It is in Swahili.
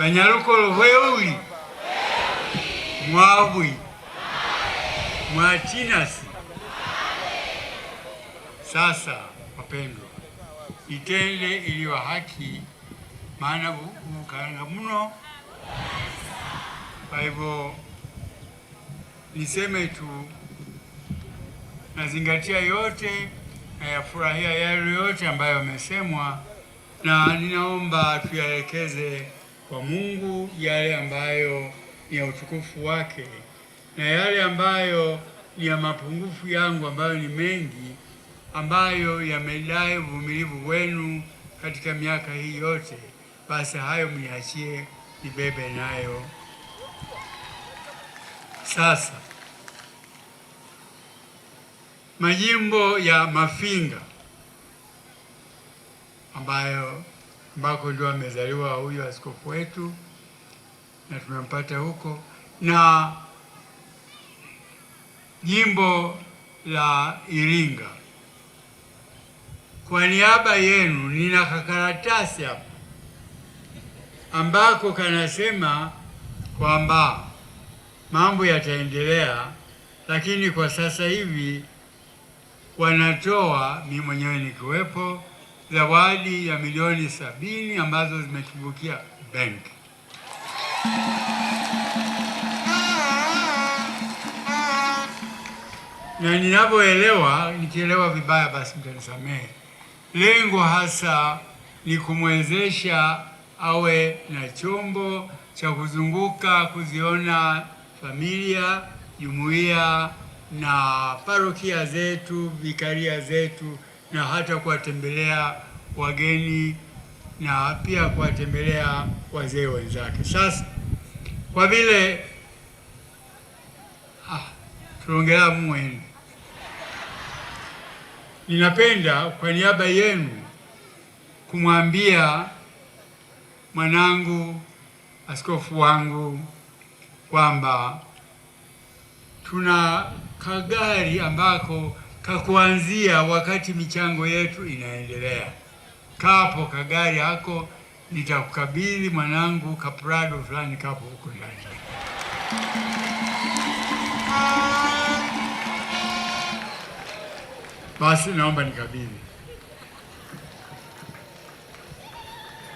banyalukolo bwewi mwabwi mwatinasi. Sasa wapendwa, itende iliyo haki, maana mukalanga muno. Kwa hivyo niseme tu, nazingatia yote na yafurahia yale yote ambayo yamesemwa, na ninaomba tuyaelekeze kwa Mungu yale ambayo ni ya utukufu wake na yale ambayo ni ya mapungufu yangu ambayo ni mengi ambayo yamedai uvumilivu wenu katika miaka hii yote, basi hayo mniachie nibebe nayo. Sasa majimbo ya Mafinga ambayo ambako ndio amezaliwa huyu askofu wetu na tumempata huko, na jimbo la Iringa. Kwa niaba yenu nina kakaratasi hapa ambako kanasema kwamba mambo yataendelea, lakini kwa sasa hivi wanatoa, mimi mwenyewe nikiwepo zawadi ya milioni sabini ambazo zimetumbukia benki. Na ninavyoelewa, nikielewa vibaya basi mtanisamehe. Lengo hasa ni kumwezesha awe na chombo cha kuzunguka kuziona familia, jumuiya na parokia zetu, vikaria zetu na hata kuwatembelea wageni na pia kuwatembelea wazee wenzake. Sasa kwa vile ah, tunaongelea mwenu, ninapenda kwa niaba yenu kumwambia mwanangu askofu wangu kwamba tuna kagari ambako kakuanzia wakati michango yetu inaendelea. Kapo kagari hako nitakukabidhi mwanangu, kaprado fulani kapo huko ndani. Basi naomba nikabidhi.